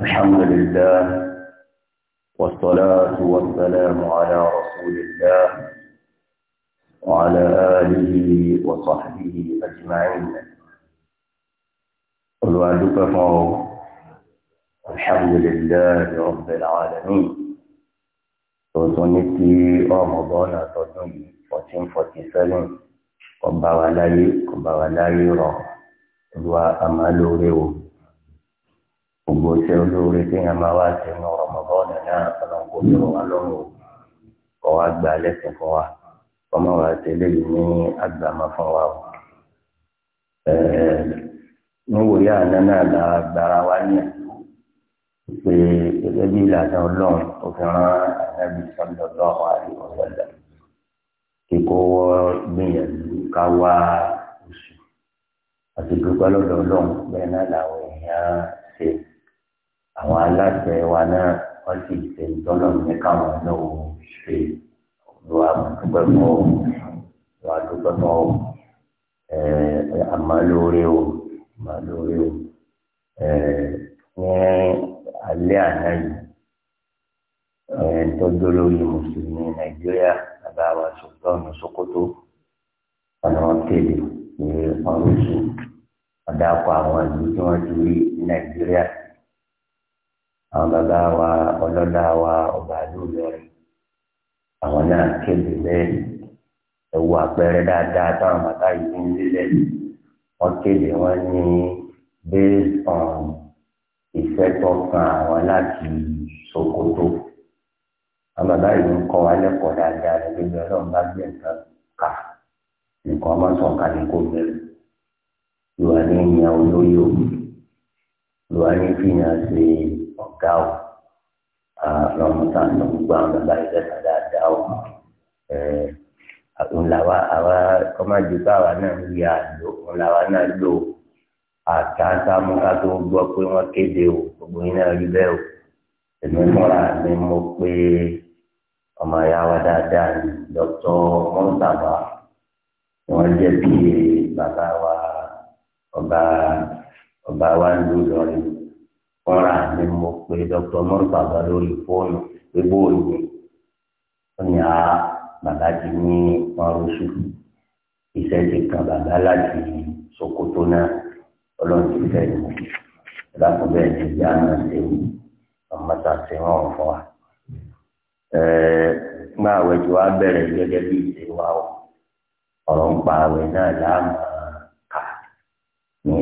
الحمد لله والصلاة والسلام على رسول الله وعلى آله وصحبه أجمعين الوالد فهو الحمد لله رب العالمين وسنتي رمضان تدن 1447 قبا ولاي قبا ولاي رو الوا أمالو ريو gbogbo ṣe olóore kéèyàn máa wá ṣe ní ọ̀rọ̀mọ̀bọ́ọ̀nà náà ọlọ́nkó yọrọ wa lọ́rùn kọ́ wa gba lẹ́sìn fún wa ọmọ wa ṣe léyìí ní àgbàmọ́ fún wa o. níwòye àná náà la gbára wa ní pé gẹ́gẹ́ bí ìlànà ọlọ́run tó fi rán ànábì sọ́dọ̀ lọ́wọ́ àríwọ̀ sọ́dọ̀ kíkó gbìyànjú ká wá oṣù àti gbogbo ọlọ́dọ̀ ọlọ́run náà làwọn èèyàn ṣe àwọn aláṣẹ wa náà wọ́n sì ṣe ìtọ́nà ní káwọn náà ò ṣe lo àdúgbò mọ́ o lo àdúgbò mọ́ o àmọ́ lóore o àmọ́ lóore ní alẹ́ àná yìí tọ́jú lórí mùsùlùmí nàìjíríà bàbá wa sọ̀tọ́nù sokoto ọ̀nà kéde ní ọ̀rùsù ọ̀dàpọ̀ àwọn ìlú tí wọ́n ti rí nàìjíríà àwọn bàbá wa ọlọ́lá wa ọba àlùyọrin àwọn náà kéde bẹ́ẹ̀ ẹ̀wù àpẹẹrẹ dáadáa táwọn bàbá yìí ń lélẹ̀ wọ́n kéde wọ́n ní based on ìfẹ́ tó kan àwọn láti Sokoto àwọn bàbá yìí ń kọ́ wa lẹ́kọ̀ọ́ dáadáa lẹ́gbẹ́ bí ọlọ́run bá gbé nǹkan kà nǹkan ọmọ sọ̀kan ní kò bẹ̀rẹ̀ ìwà ní ìyàn olóyè ìwà ní fìyàn ṣe ọ̀gá o lọ́mọta ní gbogbo àwọn bàbá yìí lẹ́sà dáadáa o òun làwa àwa kọ́májú báwa náà ń yà lò òun làwa náà lò àtàtà mú ká tó gbọ́ pé wọ́n kéde o gbogbo yín náà rí bẹ́ẹ̀ o èmi mọ́ra mi mọ̀ pé ọmọ ya wa dáadáa ni dọ́tọ̀ mọ́tàbá wọ́n jẹ́ bí bàbá wa ọba ọba wa ń lò lọ́rin kọ́ra ni mo pe dr mọ́tàbá lórí fóònù gbogbo òye ó ní a bàbá ti ní ọrùsù iṣẹ́ kan bàbá láti Sokoto náà ọlọ́run ti fẹ́ ni ìdákùn bẹ́ẹ̀ ti yá náà ṣe wù ọmọọta ṣe wọn ò fún wa. nígbà àwẹ̀ tí wàá bẹ̀rẹ̀ gẹ́gẹ́ bí ìṣe wa o ọ̀rọ̀ ń pa àwẹ̀ náà láàmú kà ní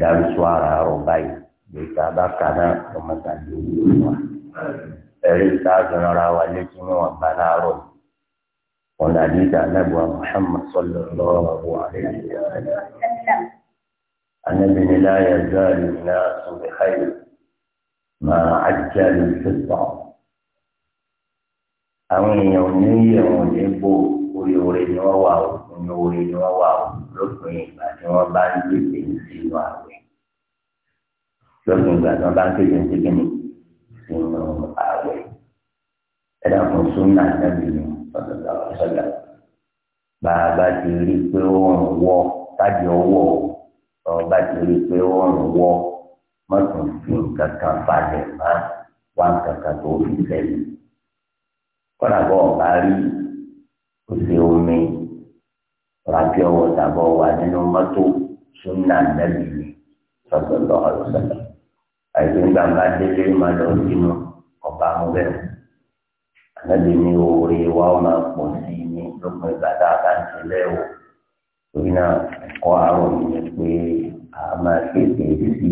dárúṣọ́ ara ọ̀ báyìí gbèsè abáka náà ọmọkàdé òwúrò wa ẹ̀rí ìta àgbẹ̀rọ̀ra wa létí ní wọn bá láàárọ̀ ọ̀nà àdìgbà anábùwà Muhammad sallallahu alaihi wasallam anábìnrin láyé zọ́ọ̀lù náà sọ̀rọ̀ ẹ̀yẹ máa àjálù fífọ̀ àwọn èèyàn ò ní yẹ̀ wọ́n ní bò orí orí ni wọ́n wà ó ní orí ni wọ́n wà ó lópin ìgbà tí wọ́n bá ń gbèsè ìsinú àwọn lọ́sùn ìgbà tí wọ́n bá ń kéde ní kíkíní sínú ààwẹ̀ ẹ̀dá fún súnà nàbì ní ọ̀dọ̀dọ̀ ọ̀sọ̀dà bàbá ti rí i pé ó ń wọ tájọ wọ ọba ti rí i pé ó ń wọ mọ́tò fi nǹkan balẹ̀ má wá nǹkan tó fi sẹ́yìn kọ́nà bọ́ ọba rí òsè omi ràbí ọwọ́ tàbọ̀ wà nínú mọ́tò súnà nàbì ní ọ̀dọ̀dọ̀ ọ̀sọ̀dà àìsí ń gbàgbà délé máa lọ sínú ọba àwọn bẹ́ẹ̀ ànábi ní oore wa ó máa pọ̀ sí i ní lópin ìgbà tá a bá ń tẹ̀lé o torí náà ẹ̀kọ́ àárọ̀ mi ni pé a máa tètè sí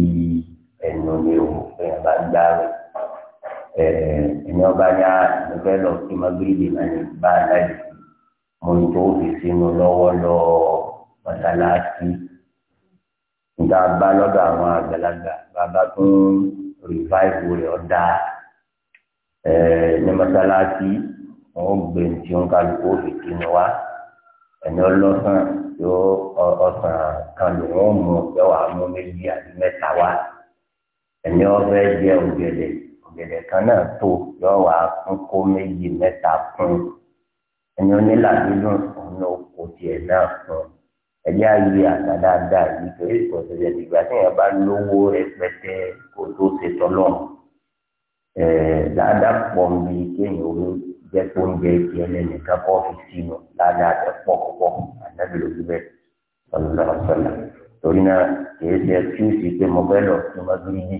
ẹnu ní o pé a bá gbá rẹ̀ ẹni ọba yá mo fẹ́ lọ sí magírídì náà ní bá a láyé mo ní tó fi sínú lọ́wọ́ lọ mọ́sálásí nígbà bá lọ́dọ̀ àwọn àgbàlagbà bàbá tó ń rìváìvù rẹ̀ ọ̀dà ní mọ́sálásí wọn ó gbé ní tí wọn ká lóko òfìkì ni wá ẹni ọlọ́sàn tó ọ̀sán kan ló wọ́n mú yọ̀wọ̀ mú méjì àti mẹ́ta wá ẹni ọ̀fẹ́ jẹ ọ̀gẹ̀dẹ̀ ọ̀gẹ̀dẹ̀ kan náà tó yọ̀wọ̀ fún kó méjì mẹ́ta fún ẹni onílàdúndùn ọ̀nà oko tiẹ̀ náà fún un ẹjẹ ayé àgbà dáadáa yìí torí ìkọsílẹ̀ ìgbà téèyàn bá lówó rẹpẹtẹ kó tó ṣe tọ́lọ̀ ẹ̀ dáadáa pọ̀ nbí kéèyàn ó jẹ́ kó ń jẹ kí ẹlẹ́ni kápọ́ fi sínú dáadáa tẹ pọ̀pọ̀ àdábì lójú bẹ́ẹ̀ sọlọ́dọ̀ sọlá torí náà kìí ṣe fíìsì pé mo fẹ́ lọ sí mọ́gírígì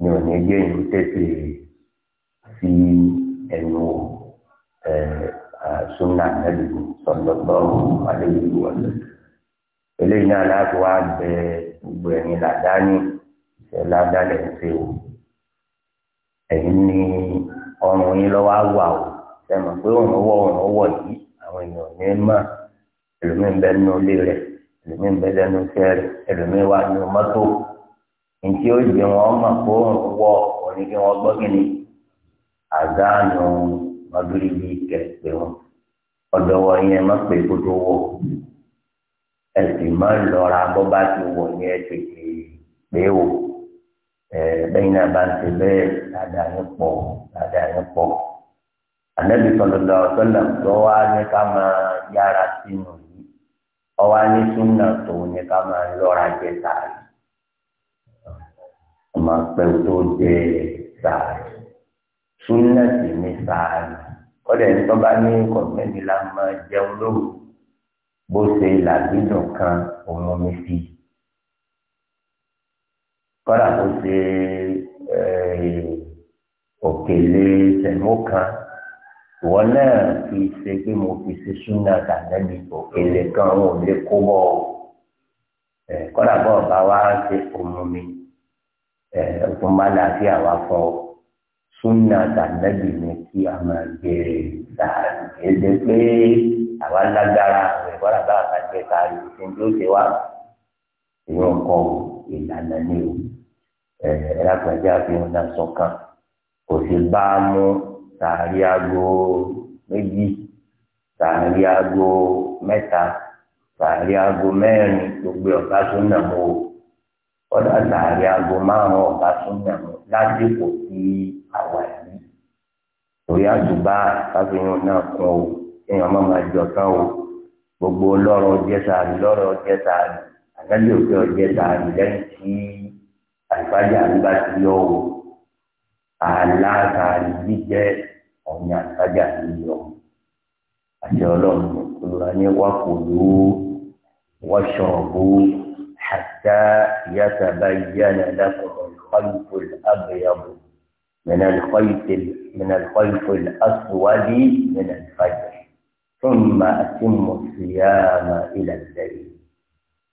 mi ò ní gbé ìlú tètè sí ẹnu ẹ̀ ṣúná àdábì sọlọ́dọ̀ àdébìlú wọ̀nyí eléyìí náà láti wá bẹ gbogbo ẹ̀yin làdáni ìṣẹ́ ládàlẹ̀ ń ṣe o ẹ̀yin ní ọrùn yín lọ́wọ́ á wà o sẹ́mi pé òun wọ òun wọ̀ yìí àwọn èèyàn ní mọ̀ ẹlòmíì ń bẹ nínú ilé rẹ̀ ẹlòmíì ń bẹ lẹ́nu iṣẹ́ rẹ̀ ẹlòmíì wà nínú mọ́tò ntí ó jẹ wọn mọ̀ pé òun wọ òní kí wọ́n gbọ́ kí ni àdánù mọ́bìrì bíi kẹ̀kẹ́ wọn ọ̀dọ̀ wọ̀nyẹn má pé kó wọ̀ ẹsì máa ń lọra bó bá ti wọ̀ ní ẹsẹ̀ pé o bẹ́ẹ̀ náà bá ń ṣe bẹ́ẹ̀ dáadáa yín pọ̀ dáadáa yín pọ̀ ànábì sọlọ́dọ̀ sọlọ́ tó wá ní ká máa yára sínú yìí ọwá ní súnà tó ní ká máa lọ́ra jẹ sàárì ọmọ pẹ́ tó jẹ sàárì súnà sì ní sàárì kọ́dẹ̀ ní bá ní kọ̀ọ̀mẹ́ni la máa jẹun lóru bó ṣe làbídùn kan òun omi sí kọ́dà bó ṣe òkèlè tẹ̀mú kan ìwọ náà fi ṣe pé mo fi ṣe súnà tàbí òkèlè kan òun ò lè kó bọ́ kọ́dà bọ́ọ̀ bá wá ṣe òun omi ọ̀tún bá làáfíà wá fún ọ súnà tàbí ní kí a máa gbé sàárì ẹgbẹ pé àwa lágbára ìwọ́n àbá àbájẹ sàárì ìsìn tó ṣe wá ìwọ́n kọ ìlànà ní o ẹlẹ́gbẹ̀jẹ́ àfihàn náà sọ́kàn kò sì bá a mú sàárì aago méjì sàárì aago mẹ́ta sàárì aago mẹ́rin gbogbo ọ̀gá súnà mọ́ o ọ̀dà sàárì aago márùn-ún ọ̀gá súnà mọ́ lásìkò tí àwa yìí torí àdùbá káfíńyàn náà kún o kéèyàn má máa jọ tán o gbogbo lọ́rọ̀ jẹ́sàárì lọ́rọ̀ jẹ́sàárì àgbájọ òkè ọ̀jẹ́sàárì lẹ́yìn tí àlùfáàjà àdúgbà ti yọ o àlá sàárì jíjẹ ọ̀nà àlùfáàjà ti yọ àti ọlọ́run olùrà ní wákòló wáṣọ̀bù hatta yatabayyana lakum al-khayt al-abyad. من الخيط من الخيط الأسود من الفجر ثم أتم الصيام إلى الليل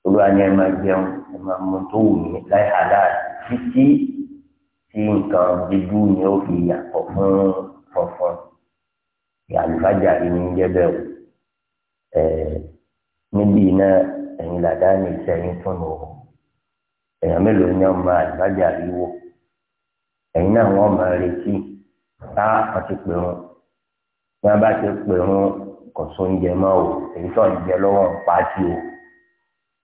olúwa ni ẹ máa jẹun ẹ máa mú tó wù mí láì halal títí tí nǹkan dúdú ni ó fi yàtọ̀ fún funfun àlùfájà yìí ní jẹ́ bẹ́ẹ̀ o ẹ náà ẹ̀yin làdá ní ìṣẹ́yìn fún mi o mélòó ni ọmọ àlùfájà yìí wò ẹ̀yin náà wọ́n máa retí tá a ti pè wọn bí wọ́n bá ti pè wọn kò so oúnjẹ mọ́ o èyí tó ń jẹ lọ́wọ́ ń pa á sí o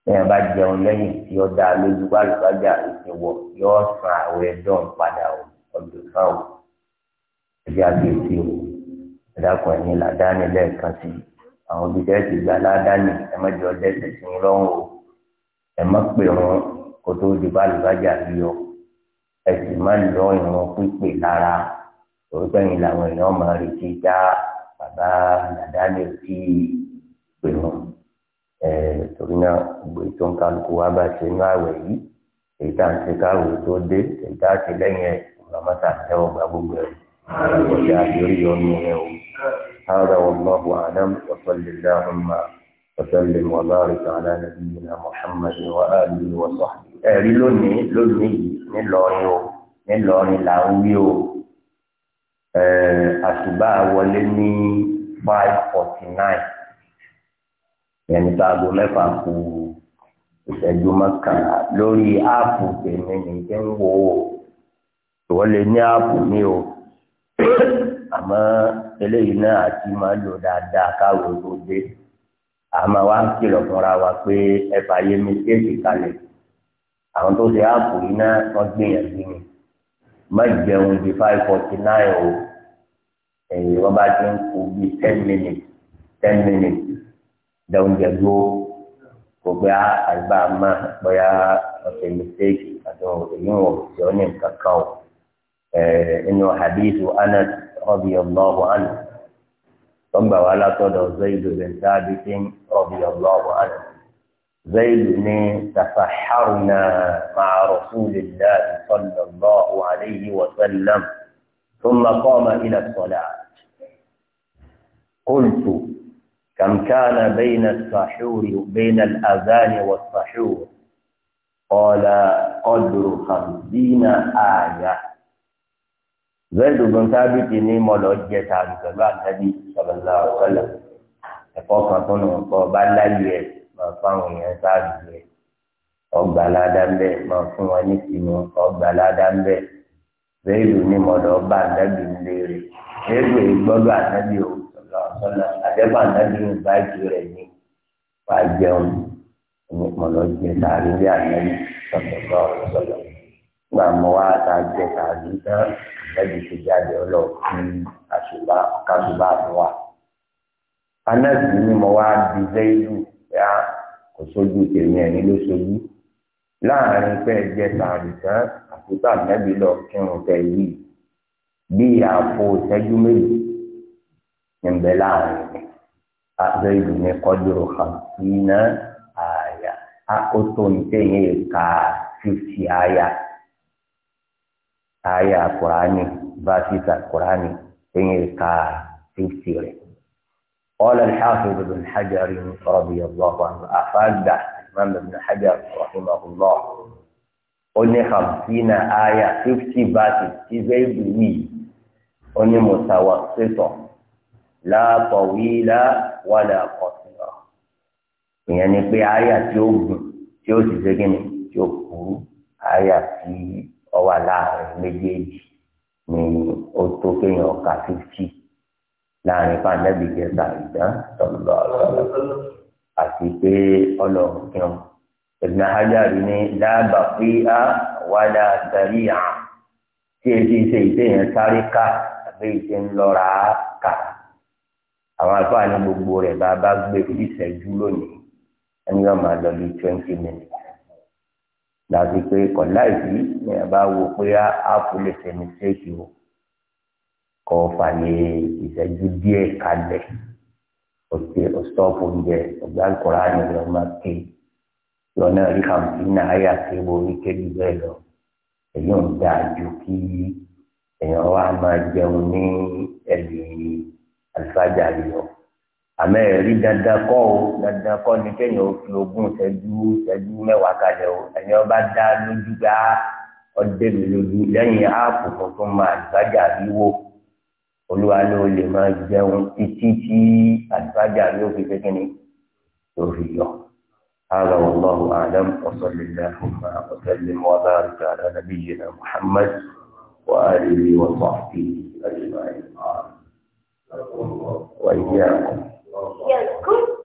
bí wọ́n bá jẹun lẹ́yìn tí ó dá lójú bá lùbájà ètò wọ̀ yóò san àwọn ẹ̀dọ́n padà o ọdún fún o ẹ̀jẹ̀ àgbèsí o ẹ̀dàkùn ẹ̀yìn làdáni lẹ́ẹ̀kan sí àwọn ibi tẹ́ẹ̀tì gba ládàáni ẹ̀mẹ́jọ dẹ́sẹ̀ sí i lọ́rùn o ẹ̀mọ́ pè wọn kó tó di bá lùbájà yìí o ẹ sì má lọ ìran pípé lára òwúgbẹ́ yìí làwọn èèyàn máa retí já bàbá dàda lè fi pè wọn torí náà gbogbo ètò kálukú wa bá ṣe inú àwẹ̀ yìí èyí tá à ń ṣe káwé tó dé èyí tá à ṣe lẹ́yìn ẹ̀ ìgbàmọ́ta tẹ́wọ̀ gbà gbogbo ẹ̀ ọ̀sẹ̀ àbíorí ọ̀nù ẹ̀ o. هذا والله أعلم وصل اللهم وسلم وبارك على نبينا محمد وآله وصحبه ẹ̀rí lónìí lónìí yìí ńìlọrin o ńìlọrin là ń wí o àṣùbà wọlé ní five forty nine yẹn ní aago mẹ́fà kù ìṣẹ́jú mọ́kànlá lórí áàpù tèmi nìjẹ́ ń wò ó ìwọ lè ní áàpù mi o àmọ́ eléyìí náà àti máa lò dáadáa káwọn tó dé àmọ́ wa ń kìlọ̀ fúnra wa pé ẹ̀fà yé mi kéèkì kalẹ̀ àwọn tó ṣe áàpù yìí náà wọ́n gbìyànjú ni má jẹun di five forty nine o ẹ̀yìn wọ́n bá ti ń kú bí ten minutes ten minutes da oúnjẹ dúró kò gbé àgbà má bóyá ọ̀sẹ̀ mistake àti èyí wọn ṣe ọ́ ní nǹkan kan o inú hadithu Anas radiyallahu anhu tọ́gbà wa látọ̀dọ̀ Zaid bin Thabit radiyallahu anhu. زيد بن تفحرنا مع رسول الله صلى الله عليه وسلم ثم قام إلى الصلاة قلت كم كان بين السحور بين الأذان والسحور قال قدر خمسين آية زيد بن ثابت ni mo lọ jẹ tàbí صلى الله عليه وسلم ẹ̀fọ́ kan tó máa fáwọn èèyàn sáàdì rẹ̀ ọgbà ládá ń bẹ̀ máa fún wọn ní ìsinmi ọgbà ládá ń bẹ̀ bẹ́ẹ̀lù ni mọ̀dọ̀ bá ànábì ń léèrè bẹ́ẹ̀lù ìgbọ́dọ̀ ànábì ò sọ̀lọ̀ sọ̀lọ̀ àdẹ́bà ànábì ń bá ìjì rẹ̀ ní wàá jẹun mọ̀lọ́ jẹ sàárì lé ànábì sọ̀tọ̀ sọ̀lọ̀ gbà mọ́ wá ta jẹ sàárì tán ànábì ti jáde ọlọ́ fún àṣùbà kásùbà fún wa ni mo wá di bẹ́ẹ̀lù yá kò sójú tèmi ẹni ló sojú láàrin pé ẹjẹ tààrí tán àtúntà mẹbi lọ kírun tẹ yí bí àpò ìṣẹ́jú méjì ń bẹ láàrin abẹ ìlú ní kọdúró kan iná àyà àkótó nìkéyìn ẹka fífi àyà àyà kùránì bá kùránì kéyìn ẹka fífi rẹ. قال الحافظ ابن حجر رضي الله عنه أفاد الإمام ابن حجر رحمه الله قلنا خمسين آية فيفتي باتي تزيد وي قلنا متوسطة لا طويلة ولا قصيرة يعني في آية جوب جوب تزيد جوب آية في أو لا مجيج من أوتوكين أو كافيتي láàrin fànẹ́bí kẹta ìdán sọlọ sọlọ àti pé ọlọ́run kẹun Ibn Hajar ní dábàá pé á wàdà sẹ́rí à tí etí ṣe ìṣèyàn sáré ká àbí ìṣe ń lọ́ra ká àwọn àlùfáà ní gbogbo rẹ̀ bá bá gbé ìṣẹ́jú lónìí ẹni yóò máa lọ bí twenty minutes láti pé kọ̀ láìsí ní ẹ̀ bá wo pé á kò lè ṣe mistake o kọ́ fàyè ìṣẹ́jú díẹ̀ kalẹ̀ òsè ọ̀sọ́ọ̀fù oúnjẹ ọ̀gbà ìkọ̀rá ni wọ́n máa ké lọ́nà rí kàǹtì náà yà ké bo oríkèjì bẹ́ẹ̀ lọ èyí ń da ju kí èèyàn wá máa jẹun ní ẹ̀yìn àlùfáàjà lọ àmọ́ ẹ̀rí dandan kọ́ o dandan kọ́ ni kéèyàn ó fi ogún ìṣẹ́jú ìṣẹ́jú mẹ́wàá kalẹ̀ o ẹ̀yin ọba dá lójú gbá ọdẹ mi lójú lẹ́yìn áàpù tuntun máa àlùfáàjà rí wò olúwa ló lè máa jẹun títí tí àdúrájà yóò fi kékeré yóò fi yọ. هذا والله أعلم وصل اللهم وسلم وبارك على نبينا محمد وآله وصحبه أجمعين وإياكم